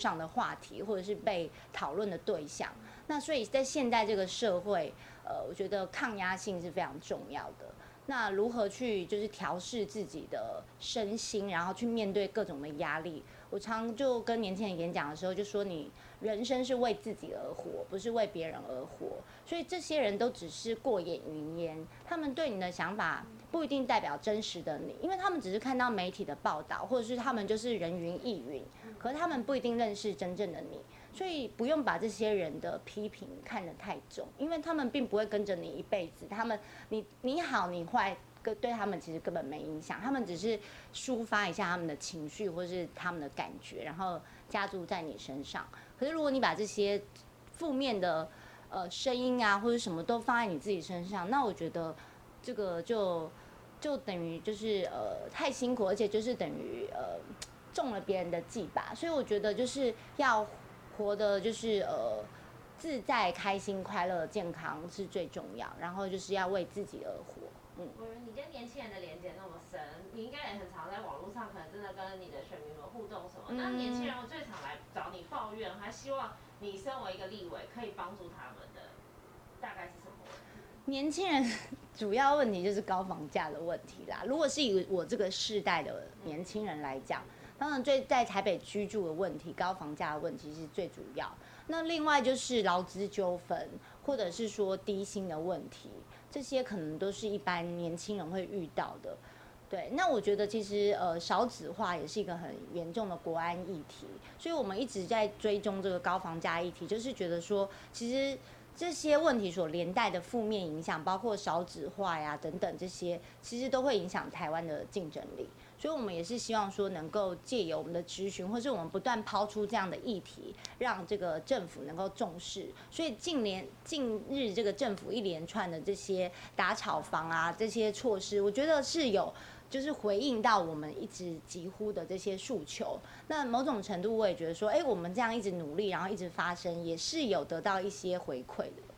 上的話題，或者是被討論的對象，那所以在現在這個社會，呃，我覺得抗壓性是非常重要的。那如何去就是調適自己的身心，然後去面對各種的壓力？我常就跟年輕人演講的時候就說，你人生是為自己而活，不是為別人而活。所以這些人都只是過眼雲煙，他們對你的想法不一定代表真實的你，因為他們只是看到媒體的報道，或者是他們就是人云亦云，可是他們不一定認識真正的你。所以不用把這些人的批評看得太重，因為他們並不會跟着你一輩子。他們，你，你好，你壞。對他們其實根本沒影響，他們只是抒發一下他們的情緒或是他們的感覺，然後加注在你身上。可是如果你把這些負面的呃聲音啊或者什麼都放在你自己身上，那我覺得這個就就等於就是呃太辛苦，而且就是等於呃中了別人的計吧。所以我覺得就是要活得就是呃自在、開心、快樂、健康是最重要，然後就是要為自己而活。我覺得你跟年輕人的連接那麼深，你應該也很常在網絡上，可能真的跟你的選民們互動什麼。那年輕人，我最常來找你抱怨，還希望你身為一個立委，可以幫助他們的大概是什麼問題？年輕人主要問題就是高房價的問題啦。如果是以我這個世代的年輕人來講，當然最在台北居住的問題、高房價的問題是最主要。那另外就是勞資糾紛，或者是說低薪的問題，這些可能都是一般年輕人會遇到的。對，那我覺得其實呃、少子化也是一個很嚴重的國安議題，所以我們一直在追蹤這個高房價議題，就是覺得說其實這些問題所連帶的負面影響，包括少子化呀等等這些，其實都會影響台灣的競爭力。所以，我們也是希望說，能夠借由我們的質詢，或是我們不斷拋出這樣的議題，讓這個政府能夠重視。所以，近年近日這個政府一連串的這些打炒房啊這些措施，我覺得是有就是回應到我們一直疾呼的這些訴求。那某種程度，我也覺得說，哎、欸，我們這樣一直努力，然後一直發聲，也是有得到一些回饋的。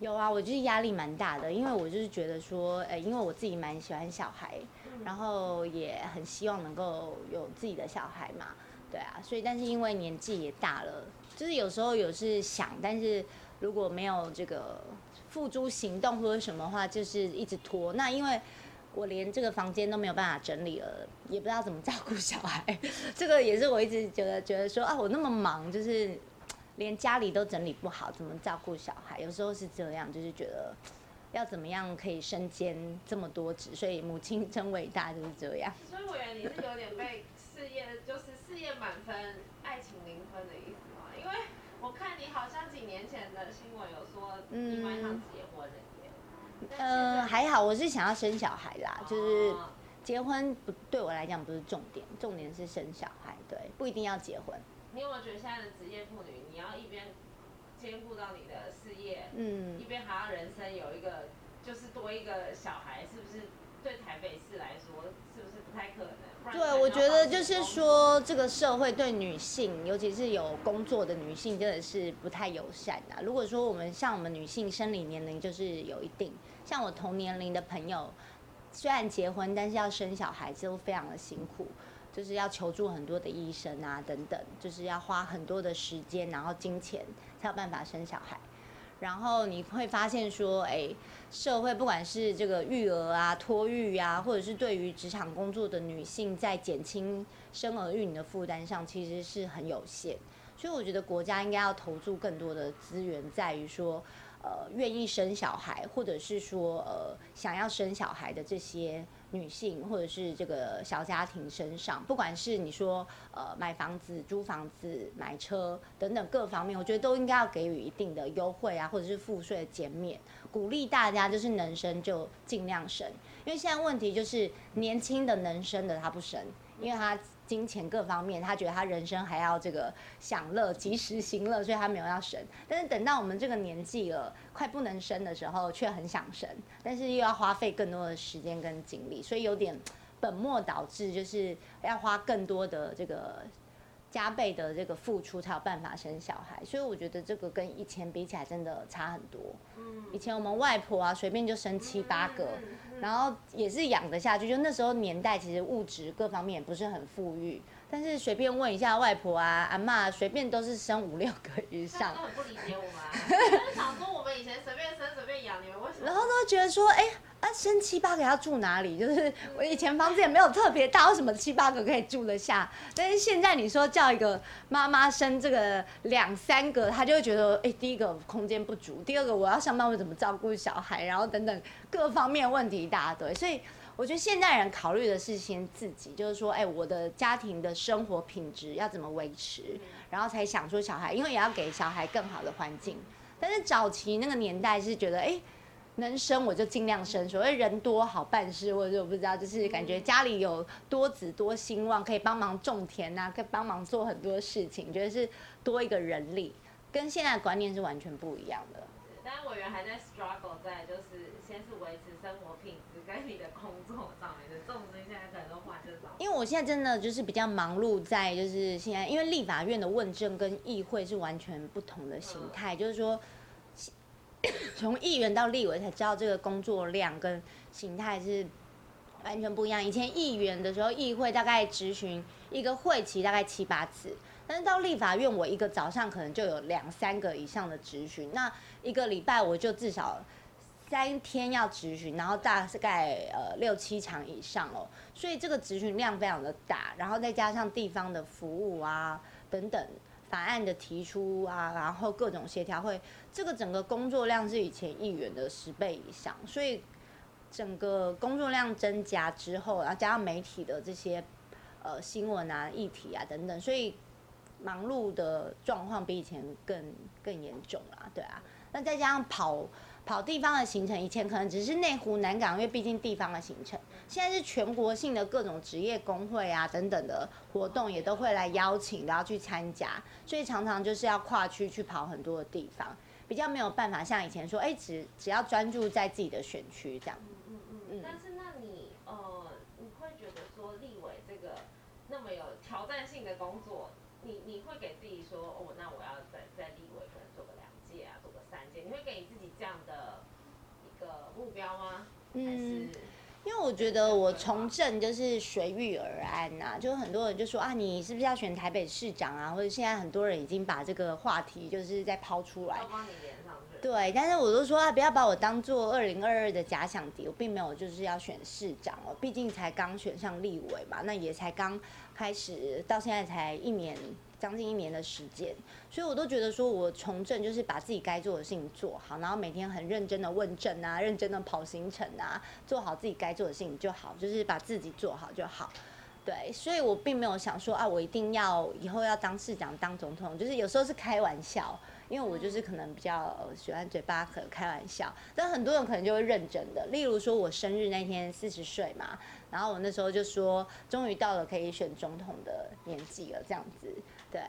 有啊，我就是壓力蠻大的，因為我就是覺得說，誒、欸，因為我自己蠻喜歡小孩，然後也很希望能夠有自己的小孩嘛，對啊，所以但是因為年紀也大了，就是有時候有是想，但是如果沒有這個付諸行動或者什麼的話，就是一直拖。那因為我連這個房間都沒有辦法整理了，也不知道怎麼照顧小孩，這個也是我一直覺得覺得說啊，我那麼忙就是。連家裡都整理不好，怎麼照顧小孩？有時候是這樣，就是覺得要怎麼樣可以身兼這麼多職，所以母親真偉大，就是這樣。所以我覺得你是有點被事業，就是事業滿分，愛情零分的意思嗎？因為我看你好像幾年前的新聞有說上，嗯，他結婚了耶。嗯，還好，我是想要生小孩啦，就是結婚不、哦、對我來講不是重點，重點是生小孩，對，不一定要結婚。你有沒有覺得現在的職業婦女，你要一邊兼顧到你的事業，嗯，一邊還要人生有一個，就是多一個小孩，是不是？對台北市來說，是不是不太可能？對，我覺得就是說，這個社會對女性，尤其是有工作的女性，真的是不太友善的啊。如果說我們像我們女性生理年齡就是有一定，像我同年齡的朋友，雖然結婚，但是要生小孩子都非常的辛苦。就是要求助很多的醫生啊，等等，就是要花很多的時間，然後金錢才有辦法生小孩。然後你會發現說，哎、欸，社會不管是這個育兒啊、托育啊，或者是對於職場工作的女性在減輕生兒育女的負擔上，其實是很有限。所以我覺得國家應該要投注更多的資源，在於說。呃，願意生小孩，或者是說呃，想要生小孩的這些女性，或者是這個小家庭身上，不管是你說呃買房子、租房子、買車等等各方面，我覺得都應該要給予一定的優惠啊，或者是賦稅減免，鼓勵大家就是能生就儘量生，因為現在問題就是年輕的能生的他不生，因為他。金錢各方面，他覺得他人生還要這個享樂、及時行樂，所以他沒有要生。但是等到我們這個年紀了，快不能生的時候，卻很想生，但是又要花費更多的時間跟精力，所以有點本末倒置，就是要花更多的這個。加倍的這個付出才有辦法生小孩，所以我覺得這個跟以前比起來真的差很多。以前我們外婆啊，隨便就生七八個，然後也是養得下去。就那時候年代其實物質各方面也不是很富裕，但是隨便問一下外婆啊、阿嬤，隨便都是生五六個以上。他很不理解我們，就是想說我們以前隨便生隨便養，你們為什麼？然後都覺得說，哎。啊，生七八個要住哪裡？就是我以前房子也沒有特別大，為什麼七八個可以住得下？但是現在你說叫一個媽媽生這個兩三個，她就會覺得，哎、欸，第一個空間不足，第二個我要上班，我怎麼照顧小孩？然後等等各方面問題一大堆。所以我覺得現代人考慮的是先自己，就是說，哎、欸，我的家庭的生活品質要怎麼維持，然後才想出小孩，因為也要給小孩更好的環境。但是早期那個年代是覺得，哎、欸。能生我就盡量生，所謂人多好辦事，或者我不知道，就是感覺家裡有多子多興旺，可以幫忙種田啊，可以幫忙做很多事情，覺、就、得是多一個人力，跟現在的觀念是完全不一樣的。但是委員還在 struggle 在，就是先是維持生活品質跟你的工作上面的重心，就是、現在很多話就是……因為我現在真的就是比較忙碌在，就是現在因為立法院的問政跟議會是完全不同的形態，嗯、就是說。從議員到立委才知道這個工作量跟形態是完全不一樣。以前議員的時候，議會大概質詢一個會期大概七八次，但是到立法院，我一個早上可能就有兩三個以上的質詢，那一個禮拜我就至少三天要質詢，然後大概呃六七場以上哦，所以這個質詢量非常的大，然後再加上地方的服務啊等等。法案的提出啊，然後各種協調會，這個整個工作量是以前議員的十倍以上，所以整個工作量增加之後，然後加上媒體的這些，呃，新聞啊、議題啊等等，所以忙碌的狀況比以前更更嚴重了啊，對啊，那再加上跑。跑地方的行程以前可能只是內湖南港，因為畢竟地方的行程，現在是全國性的各種職業工會啊等等的活動也都會來邀請，然後去參加，所以常常就是要跨區去跑很多的地方，比較沒有辦法像以前說，哎、欸，只只要專注在自己的選區這樣。嗯嗯嗯。但是那你呃，你會覺得說立委這個那麼有挑戰性的工作，你你會給自己說，哦，那我。嗯，因為我覺得我從政就是隨遇而安吶、啊，就很多人就說啊，你是不是要選台北市長啊？或者現在很多人已經把這個話題就是在拋出來，對，但是我都說啊，不要把我當做二零二二的假想敵，我並沒有就是要選市長哦，畢竟才剛選上立委嘛，那也才剛開始，到現在才一年。將近一年的時間，所以我都覺得說，我從政就是把自己該做的事情做好，然後每天很認真的問政啊，認真的跑行程啊，做好自己該做的事情就好，就是把自己做好就好。對，所以我並沒有想說啊，我一定要以後要當市長、當總統，就是有時候是開玩笑，因為我就是可能比較喜歡嘴巴可開玩笑，但很多人可能就會認真的。例如說我生日那天四十歲嘛，然後我那時候就說，終於到了可以選總統的年紀了，這樣子。對，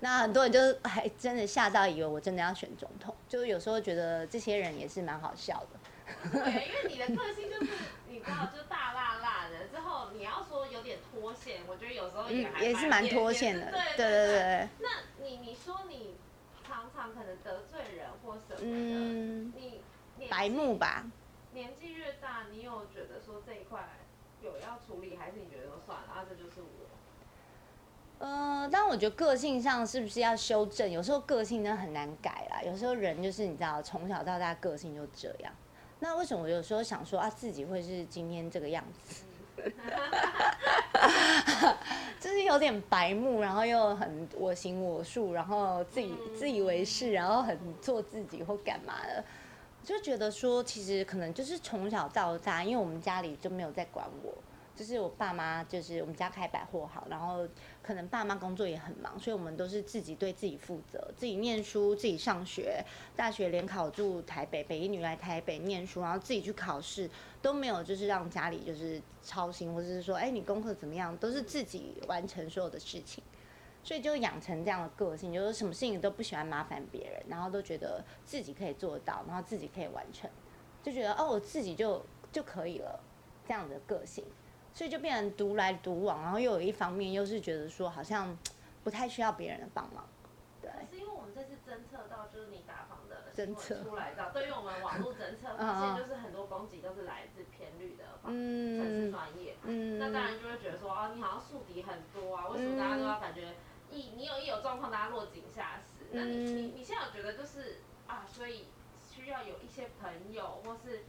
那很多人就還真的嚇到，以為我真的要選總統。就是有時候覺得這些人也是蠻好笑的。 對，因為你的個性就是，你知道，就大辣辣的，之後你要說有點脫線，我覺得有時候也、嗯、也是蠻脫線的。是對，對對對。對對對，那你你說你常常可能得罪人或什麼的？嗯，你白目吧。年紀越大，你有覺得說這一塊有要處理，還是你覺得說算了，啊、這就是我。呃，但我覺得個性上是不是要修正？有時候個性真的很難改啦。有時候人就是你知道，從小到大個性就這樣。那為什麼我有時候想說啊，自己會是今天這個樣子？ 就是有點白目，然後又很我行我素，然後自己自以為是，然後很做自己或幹嘛的，就覺得說其實可能就是從小到大，因為我們家裡就沒有在管我。就是我爸媽，就是我們家開百貨好，然後可能爸媽工作也很忙，所以我們都是自己對自己負責，自己念書，自己上學，大學聯考住台北，北一女來台北念書，然後自己去考試，都沒有就是讓家裡就是操心，或者是說，哎，你功課怎麼樣，都是自己完成所有的事情，所以就養成這樣的個性，就是什麼事情都不喜歡麻煩別人，然後都覺得自己可以做到，然後自己可以完成，就覺得哦，我自己就就可以了，這樣的個性。所以就變成獨來獨往，然後又有一方面又是覺得說好像不太需要別人的幫忙，對。是因為我們這次偵測到，就是你打房的偵測出來到，偵測對於我們網絡偵測，發現就是很多攻擊都是來自偏綠的，嗯，城市專業，嗯、啊，那當然就會覺得說啊，你好像樹敵很多啊，為什麼大家都要感覺、嗯、一你有一有狀況，大家落井下石？那你你你現在有覺得就是啊，所以需要有一些朋友或是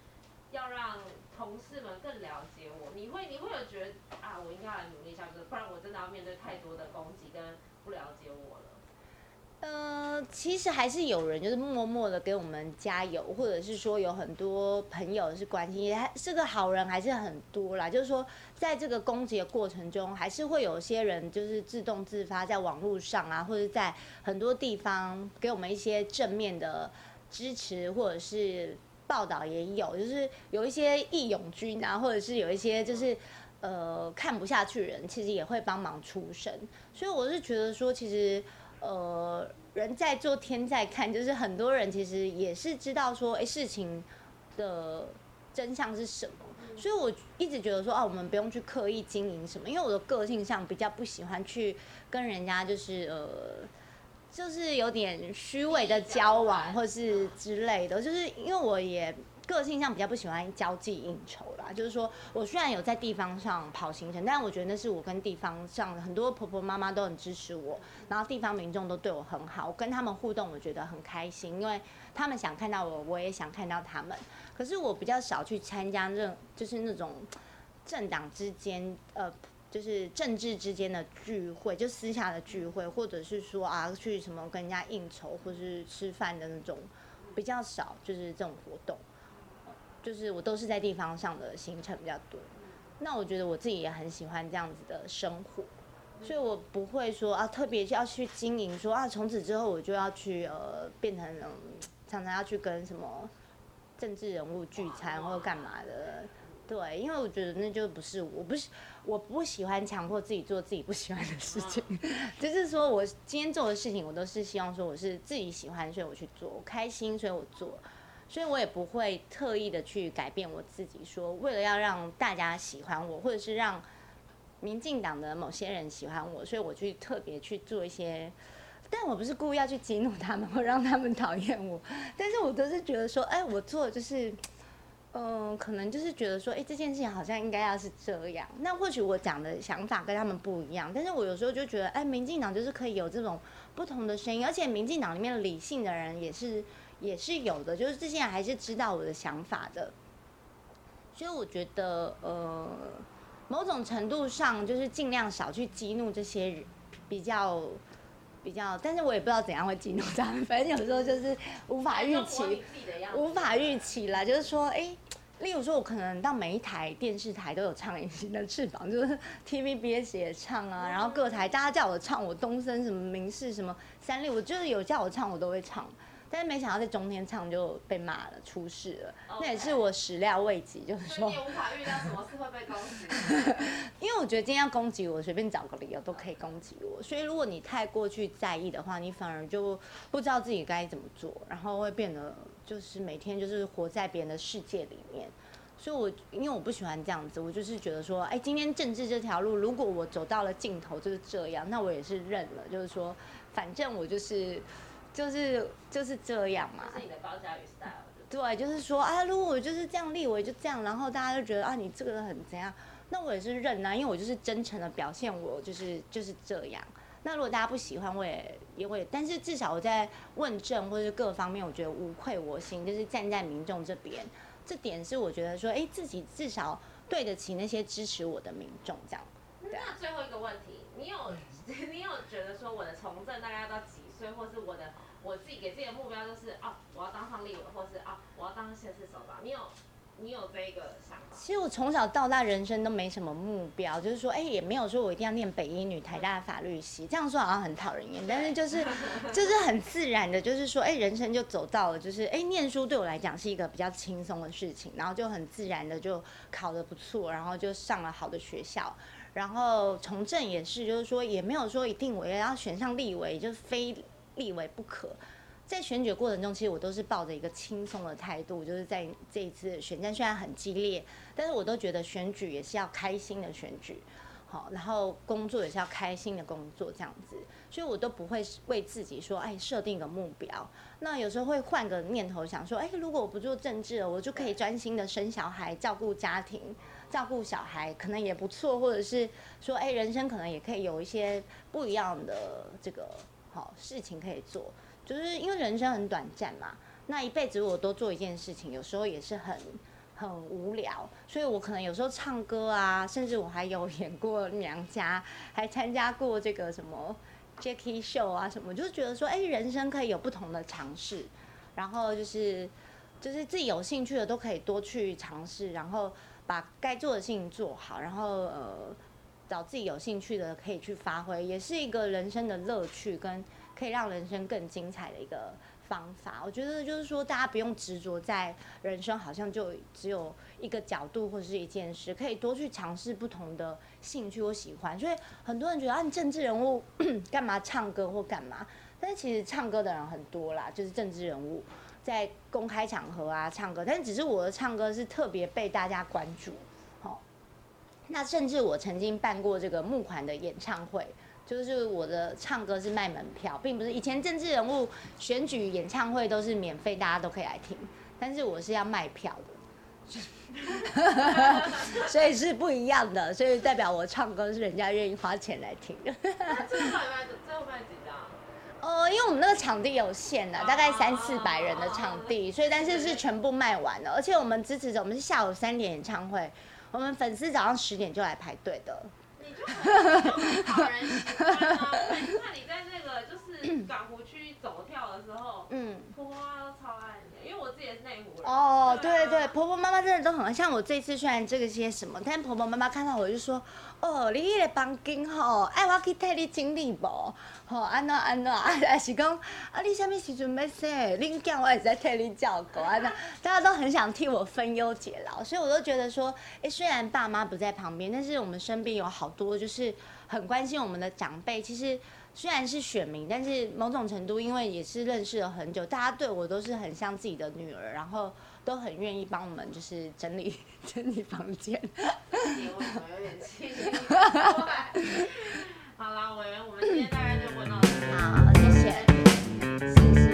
要讓。同事們更了解我，你會你會有覺得啊，我應該要來努力一下，不然我真的要面對太多的攻擊跟不了解我了。嗯、呃，其實還是有人就是默默的給我們加油，或者是說有很多朋友是關心，也還是個好人還是很多啦。就是說，在這個攻擊的過程中，還是會有些人就是自動自發在網路上啊，或者在很多地方給我們一些正面的支持，或者是。報道也有，就是有一些義勇軍啊，或者是有一些就是，呃，看不下去的人，其實也會幫忙出聲。所以我是覺得說，其實，呃，人在做天在看，就是很多人其實也是知道說，欸，事情的真相是什麼。所以我一直覺得說，啊，我們不用去刻意經營什麼，因為我的個性上比較不喜歡去跟人家就是，呃。就是有點虛偽的交往，或是之類的。就是因為我也個性上比較不喜歡交際應酬啦。就是說我雖然有在地方上跑行程，但我覺得那是我跟地方上很多婆婆媽媽都很支持我，然後地方民眾都對我很好，我跟他們互動，我覺得很開心，因為他們想看到我，我也想看到他們。可是我比較少去參加任，就是那種政黨之間呃。就是政治之間的聚會，就私下的聚會，或者是說啊去什麼跟人家應酬，或是吃飯的那種比較少，就是這種活動，就是我都是在地方上的行程比較多。那我覺得我自己也很喜歡這樣子的生活，所以我不會說啊特別要去經營，說啊從此之後我就要去呃變成那種常常要去跟什麼政治人物聚餐或者幹嘛的。對，因為我覺得那就不是我，我不是我不喜歡強迫自己做自己不喜歡的事情，嗯、 就是說我今天做的事情，我都是希望說我是自己喜歡，所以我去做，我開心，所以我做，所以我也不會特意的去改變我自己說，說為了要讓大家喜歡我，或者是讓民進黨的某些人喜歡我，所以我去特別去做一些，但我不是故意要去激怒他們或讓他們討厭我，但是我都是覺得說，哎，我做的就是。嗯、呃，可能就是覺得說，哎、欸，這件事情好像應該要是這樣。那或許我講的想法跟他們不一樣，但是我有時候就覺得，哎、呃，民進黨就是可以有這種不同的聲音，而且民進黨裡面理性的人也是也是有的，就是這些人還是知道我的想法的。所以我覺得，呃，某種程度上就是儘量少去激怒這些人，比較。比較，但是我也不知道怎樣會激怒他們，反正有時候就是無法預期，無法預期啦。就是說，哎、欸，例如說，我可能到每一台電視台都有唱隱形的翅膀，就是 TVBS 也唱啊，然後各台大家叫我唱，我東森什麼、民視什麼、三立，我就是有叫我唱，我都會唱。但是沒想到在中天唱就被罵了，出事了。Okay. 那也是我始料未及，就是說你無法預料什麼事會被攻擊。 因為我覺得今天要攻擊我，隨便找個理由都可以攻擊我。Okay. 所以如果你太過去在意的話，你反而就不知道自己該怎麼做，然後會變得就是每天就是活在別人的世界裡面。所以我因為我不喜歡這樣子，我就是覺得說，哎，今天政治這條路如果我走到了盡頭就是這樣，那我也是認了。就是說，反正我就是。就是就是這樣嘛，是你的高嘉瑜 style 對，就是說啊，如果我就是這樣立委，我也就這樣，然後大家就覺得啊，你這個人很怎樣，那我也是認啊，因為我就是真誠的表現，我就是就是這樣。那如果大家不喜歡，我也也會，但是至少我在問政或者是各方面，我覺得無愧我心，就是站在民眾這邊，這點是我覺得說，哎，自己至少對得起那些支持我的民眾，這樣。對。嗯，那最後一個問題，你有你有覺得說我的從政大概要到幾歲，或是我的？我自己給自己的目標就是哦、啊，我要當上立委，或是啊，我要當縣市首長。你有你有這一個想法？其實我從小到大人生都沒什麼目標，就是說，哎、欸，也沒有說我一定要念北一女、台大的法律系。嗯，這樣說好像很討人厭，對但是就是就是很自然的，就是說，哎、欸，人生就走到了，就是哎、欸，念書對我來講是一個比較輕鬆的事情，然後就很自然的就考得不錯，然後就上了好的學校，然後從政也是，就是說也沒有說一定我也要選上立委，就是非立為不可。在選舉過程中，其實我都是抱着一個輕鬆的態度，就是在這一次選戰雖然很激烈，但是我都覺得選舉也是要開心的選舉，好，然後工作也是要開心的工作這樣子，所以我都不會為自己說，哎，設定一個目標。那有時候會換個念頭想說，哎，如果我不做政治了，我就可以專心的生小孩，照顧家庭，照顧小孩，可能也不錯，或者是說，哎，人生可能也可以有一些不一樣的這個。好事情可以做，就是因為人生很短暫嘛。那一輩子我都做一件事情，有時候也是很很無聊，所以我可能有時候唱歌啊，甚至我還有演過《娘家》，還參加過這個什麼 Jackie Show 啊什麼，就是覺得說，誒、欸，人生可以有不同的嘗試，然後就是就是自己有興趣的都可以多去嘗試，然後把該做的事情做好，然後呃。找自己有興趣的可以去發揮，也是一個人生的樂趣跟可以讓人生更精彩的一個方法。我覺得就是說，大家不用執着在人生好像就只有一個角度或者是一件事，可以多去嘗試不同的興趣或喜歡。所以很多人覺得啊，你政治人物幹 嘛唱歌或幹嘛，但是其實唱歌的人很多啦，就是政治人物在公開場合啊唱歌，但只是我的唱歌是特別被大家關注。那甚至我曾經辦過這個募款的演唱會，就是我的唱歌是賣門票，並不是以前政治人物選舉演唱會都是免費，大家都可以來聽。但是我是要賣票的，所以是不一樣的，所以代表我唱歌是人家願意花錢來聽。這次賣賣，最後賣幾張？呃，因為我們那個場地有限的啊，大概三四百人的場地，所以但是是全部賣完了，而且我們支持者，我們是下午三點演唱會。我們粉絲早上十點就來排隊的。你就，你就很討人喜歡啊、哦！你 看你在那個就是港湖區走、嗯、走跳的時候，嗯，哇，都超愛。哦，對對，對婆婆媽媽真的都很好。像我這次雖然這個些什麼，但婆婆媽媽看到我就說：“ oh, 房哦，你來幫工吼，哎，我去替你整理啵，吼，oh，安怎安怎，還是講啊，你什麼時陣要洗，恁囝我也在替你照顧，安，啊，怎大家都很想替我分憂解勞，所以我都覺得說，哎，欸，雖然爸媽不在旁邊，但是我們身邊有好多就是很關心我們的長輩，其實。雖然是選民，但是某種程度，因為也是認識了很久，大家對我都是很像自己的女兒，然後都很願意幫我們就是整理整理房間。我有點氣好啦， 我們我們今天大概就問到這 好，謝謝，謝謝。